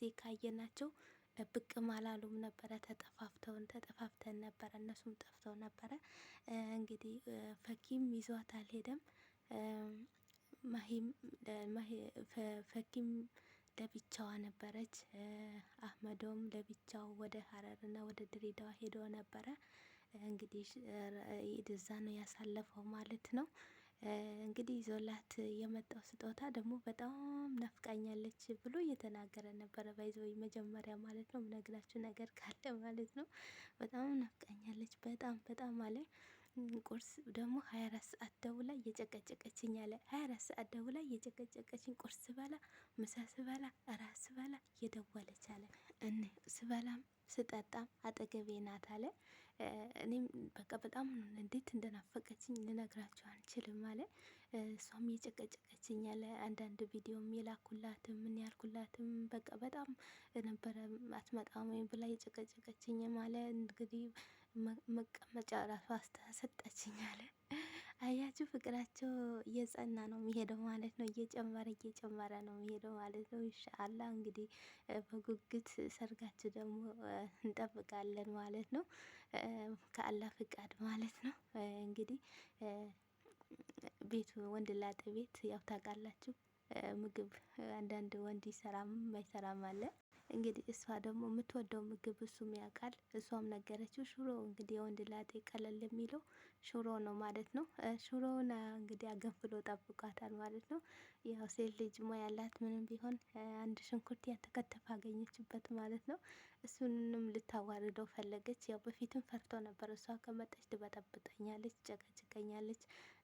ጊዜ ካየናቸው ብቅም አላሉም ነበረ። ተጠፋፍተውን ተጠፋፍተን ነበረ፣ እነሱም ጠፍተው ነበረ። እንግዲህ ፈኪም ይዟት አልሄደም። ፈኪም ለብቻዋ ነበረች። አህመዶም ለብቻው ወደ ሀረርና ወደ ድሬዳዋ ሄዶ ነበረ። እንግዲህ ኢድዛ ነው ያሳለፈው ማለት ነው። እንግዲህ ይዞላት የመጣው ስጦታ ደግሞ በጣም ናፍቃኛለች ብሎ እየተናገረ ነበረ። ባይዘው መጀመሪያ ማለት ነው ምነግራችሁ ነገር ካለ ማለት ነው በጣም ናፍቃኛለች፣ በጣም በጣም አለ። ቁርስ ደግሞ 24 ሰዓት ደውላ እየጨቀጨቀችኝ አለ። 24 ሰዓት ደውላ እየጨቀጨቀችኝ ቁርስ ስበላ፣ ምሳ ስበላ፣ እራት ስበላ እየደወለች አለ። እኔ ስበላም ስጠጣም አጠገቤ ናት አለ። እኔም በቃ በጣም እንዴት እንደናፈቀችኝ ልነግራችሁ አልችልም። ማለት እሷም እየጨቀጨቀችኝ ያለ አንዳንድ ቪዲዮም የላኩላትም ምን ያልኩላትም በቃ በጣም ነበረ አትመጣም ወይም ብላ እየጨቀጨቀችኝ ማለት እንግዲህ መቀመጫ ራሱ አስተሰጠችኛል። አያችሁ ፍቅራቸው እየጸና ነው የሚሄደው ማለት ነው። እየጨመረ እየጨመረ ነው የሚሄደው ማለት ነው። ኢንሻአላህ እንግዲህ በጉጉት ሰርጋችሁ ደግሞ እንጠብቃለን ማለት ነው። ከአላህ ፍቃድ ማለት ነው። እንግዲህ ቤቱ ወንድ ላጤ ቤት ያው ታውቃላችሁ፣ ምግብ አንዳንድ ወንድ ይሰራም ማይሰራም አለ። እንግዲህ እሷ ደግሞ የምትወደው ምግብ እሱም ያውቃል፣ እሷም ነገረችው። ሽሮ እንግዲህ የወንድ ላጤ ቀለል የሚለው ሽሮ ነው ማለት ነው። ሽሮውን እንግዲህ አገንፍሎ ጠብቋታል ማለት ነው። ያው ሴት ልጅ ሞያ ያላት ምንም ቢሆን አንድ ሽንኩርት ያልተከተፈ አገኘችበት ማለት ነው። እሱንም ልታዋርደው ፈለገች። ያው በፊትም ፈርቶ ነበር፣ እሷ ከመጣች ትበጠብጠኛለች፣ ጨቀጭቀኛለች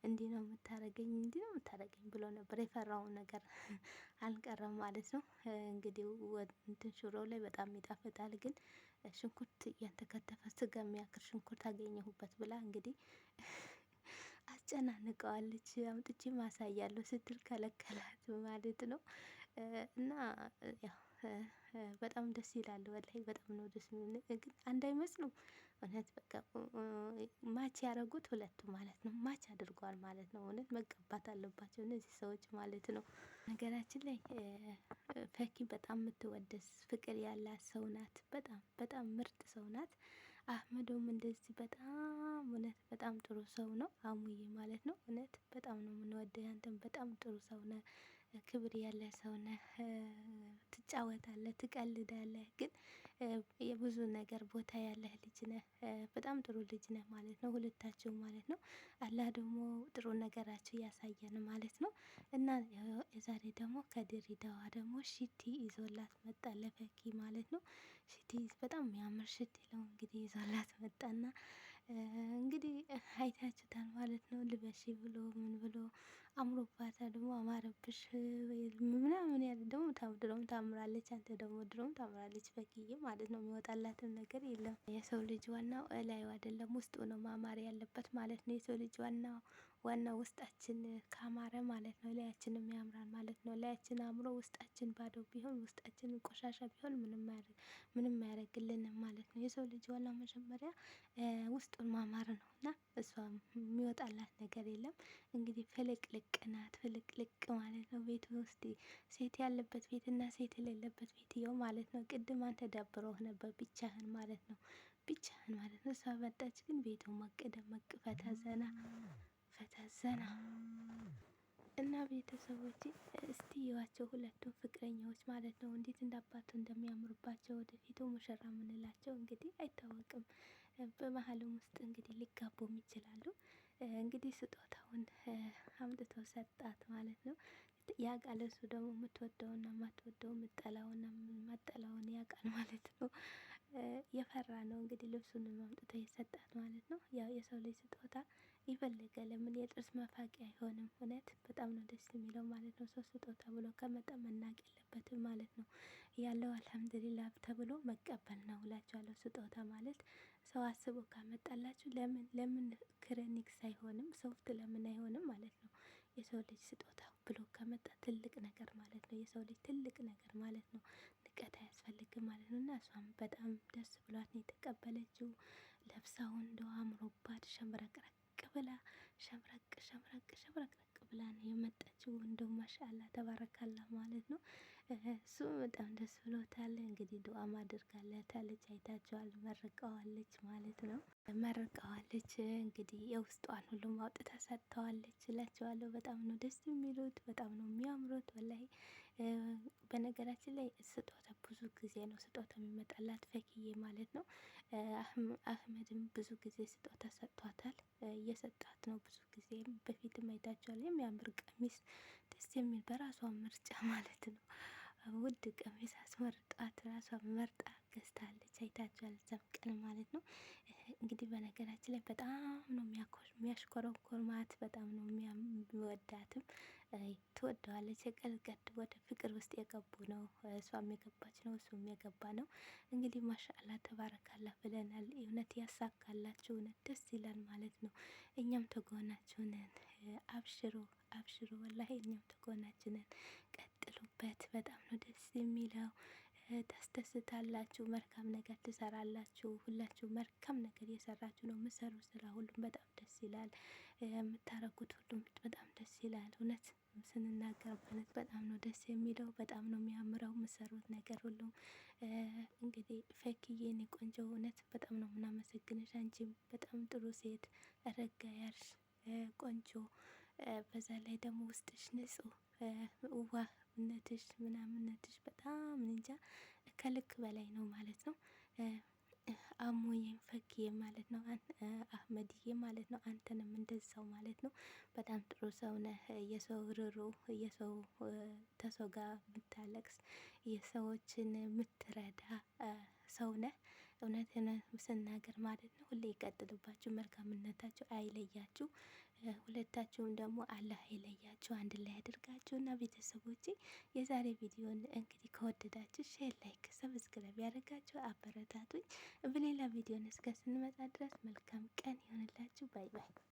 እንዲህ ነው የምታደርገኝ እንዲህ ነው የምታደርገኝ ብሎ ነበር። የፈራውን ነገር አልቀረም ማለት ነው። እንግዲህ እንትን ሽሮው ላይ በጣም ይጣፍጣል። ግን ሽንኩርት እያልተከተፈ ስጋ የሚያክል ሽንኩርት አገኘሁበት ብላ እንግዲህ አጨናንቀዋለች። አምጥቼ ማሳያለሁ ስትል ከለከላት ማለት ነው። እና ያው በጣም ደስ ይላል። ወላሂ በጣም ነው ደስ የሚል ግን አንድ አይመስሉም። እውነት በቃ ማች ያደረጉት ሁለቱ ማለት ነው። ማች አድርጓል ማለት ነው። እውነት መጋባት አለባቸው እነዚህ ሰዎች ማለት ነው። ነገራችን ላይ ፈኪ በጣም የምትወደስ ፍቅር ያላት ሰው ናት። በጣም በጣም ምርጥ ሰው ናት። አህመዶም እንደዚህ በጣም እውነት በጣም ጥሩ ሰው ነው። አሙዬ ማለት ነው። እውነት በጣም ነው የምንወደው። ያንተም በጣም ጥሩ ሰው ነው። ክብር ያለ ሰው ነህ፣ ትጫወታለህ፣ ትቀልዳለህ፣ ግን የብዙ ነገር ቦታ ያለህ ልጅ ነህ። በጣም ጥሩ ልጅ ነህ ማለት ነው፣ ሁለታችሁ ማለት ነው። አላህ ደግሞ ጥሩ ነገራችሁ ያሳየን ማለት ነው። እና ዛሬ ደግሞ ከድሬዳዋ ደግሞ ሽቲ ይዞላት መጣ ለፈኪ ማለት ነው። ሽቲ በጣም የሚያምር ሽቲ ነው እንግዲህ ይዞላት መጣና እንግዲህ አይታችሁታል ማለት ነው። ልበሺ ብሎ ምን ብሎ አምሮባታ ደግሞ አማረብሽ ምናምን ያለ ደግሞ ድሮም ታምራለች። አንተ ደግሞ ድሮም ታምራለች። በኪዬ ማለት ነው የሚወጣላትም ነገር የለም። የሰው ልጅ ዋናው እላዩ አይደለም ውስጡ ነው ማማር ያለበት ማለት ነው። የሰው ልጅ ዋናው ዋናው ውስጣችን ካማረ ማለት ነው ላያችንም ያምራል ማለት ነው። ላያችን አምሮ ውስጣችን ባዶ ቢሆን ውስጣችን ቆሻሻ ቢሆን ምንም አያደርግልንም ማለት ነው። የሰው ልጅ ዋናው መጀመሪያ ውስጡን ማማር ነው እና እሷ የሚወጣላት ነገር የለም እንግዲህ ፍልቅልቅ ቅናት ፍልቅልቅ ማለት ነው። ቤት ውስጥ ሴት ያለበት ቤት እና ሴት የሌለበት ቤት ያው ማለት ነው። ቅድም አንተ ደብሮህ ነበር ብቻህን ማለት ነው። ብቻህን ማለት ነው። እሷ መጣች ግን ቤቱ ሞቅ ደመቅ ፈታ ዘና ፈታ ዘና እና ቤተሰቦች እስቲ ይዋቸው ሁለቱም ፍቅረኛዎች ማለት ነው። እንዴት እንዳባቱ እንደሚያምሩባቸው ወደፊቱ ሙሽራ የምንላቸው እንግዲህ አይታወቅም። በመሀልም ውስጥ እንግዲህ ሊጋቡም ይችላሉ። እንግዲህ ስጦታውን አምጥቶ ሰጣት ማለት ነው። ያውቃል እሱ ደግሞ የምትወደውና የማትወደው የምጠላውና የማጠላውን ያውቃል ማለት ነው። የፈራ ነው እንግዲህ ልብሱን አምጥቶ የሰጣት ማለት ነው። ያው የሰው ልጅ ስጦታ ይፈልጋል። ለምን የጥርስ መፋቂያ አይሆንም። እውነት በጣም ነው ደስ የሚለው ማለት ነው። ሰው ስጦታ ብሎ ከመጠን መናቅ የለበትም ማለት ነው። ያለው አልሐምዱሊላህ ተብሎ መቀበል ነው እላቸዋለሁ። ስጦታ ማለት ሰው አስቦ ካመጣላችሁ ለምን ለምን ክሬኒክስ አይሆንም? ሶፍት ለምን አይሆንም ማለት ነው። የሰው ልጅ ስጦታ ብሎ ከመጣ ትልቅ ነገር ማለት ነው። የሰው ልጅ ትልቅ ነገር ማለት ነው። ንቀት አያስፈልግም ማለት ነው። እና እሷም በጣም ደስ ብሏት ነው የተቀበለችው። ለብሳውን እንደ አምሮባት ሸምረቅረቅ ብላ ሸምረቅ ሸምረቅ ሸምረቅረቅ ብላ ነው የመጣ ናችሁ። እንደው ማሻአላ ተባረካላ ማለት ነው። እሱ በጣም ደስ ብሎታል። እንግዲህ ዱአ ማድርጋለታለች፣ አይታችኋል። መርቀዋለች ማለት ነው። መርቀዋለች እንግዲህ የውስጧን ሁሉም አውጥታ ሰጥተዋለች እላቸዋለሁ። በጣም ነው ደስ የሚሉት፣ በጣም ነው የሚያምሩት ወላይ በነገራችን ላይ ስጦታ ብዙ ጊዜ ነው ስጦታ የሚመጣላት ፈኪዬ ማለት ነው። አህመድም ብዙ ጊዜ ስጦታ ሰጥቷታል፣ እየሰጣት ነው ብዙ ጊዜ። በፊትም አይታችኋል። የሚያምር ቀሚስ ደስ የሚል በራሷ ምርጫ ማለት ነው። ውድ ቀሚስ አስመርጧት ራሷ መርጣ ገዝታለች። አይታችኋል፣ እዛም ቀን ማለት ነው። እንግዲህ በነገራችን ላይ በጣም ነው የሚያሽኮረኮርማት፣ በጣም ነው የሚወዳትም ትወደዋለች። ቀልቀድ ወደ ፍቅር ውስጥ የገቡ ነው። እሷም የገባች ነው፣ እሱም የገባ ነው። እንግዲህ ማሻአላ ተባረካላ ብለናል። እውነት ያሳካላችሁ፣ እውነት ደስ ይላል ማለት ነው። እኛም ተጎናችሁ ነን። አብሽሮ አብሽሮ፣ ወላሂ እኛም ተጎናችሁ ነን። ቀጥሉበት። በጣም ነው ደስ የሚለው። ታስደስታላችሁ፣ መልካም ነገር ትሰራላችሁ። ሁላችሁ መልካም ነገር እየሰራችሁ ነው። የምሰሩ ስራ ሁሉም በጣም ደስ ይላል። የምታረጉት ሁሉም በጣም ደስ ይላል እውነት ስንናገርበት በጣም ነው ደስ የሚለው፣ በጣም ነው የሚያምረው የምሰሩት ነገር ሁሉ። እንግዲህ ፈክዬ የኔ ቆንጆ እውነት በጣም ነው የምናመሰግንሽ። አንቺም በጣም ጥሩ ሴት ረጋ ያልሽ ቆንጆ፣ በዛ ላይ ደግሞ ውስጥሽ ንጹህ ውባነትሽ ምናምነትሽ በጣም እንጃ ከልክ በላይ ነው ማለት ነው። አሞዬን ፈክዬ ማለት ነው አህመድዬ ማለት ነው። አንተንም እንደዛው ማለት ነው። በጣም ጥሩ ሰው ነህ። የሰው ርሩ፣ የሰው ተሰው ጋር ምታለቅስ የሰዎችን የምትረዳ ሰው ነህ። እውነትን ስናገር ማለት ነው። ሁሌ ይቀጥልባችሁ፣ መልካምነታችሁ አይለያችሁ። ሁለታችሁም ደግሞ አላህ ይለያችሁ፣ አንድ ላይ ያድርጋችሁ እና ቤተሰቦቼ የዛሬ ቪዲዮን እንግዲህ ከወደዳችሁ ሼር፣ ላይክ፣ ሰብስክራይብ ያደርጋችሁ አበረታቱኝ። በሌላ ቪዲዮን እስከ ስንመጣ ድረስ መልካም ቀን ይሆንላችሁ። ባይ ባይ።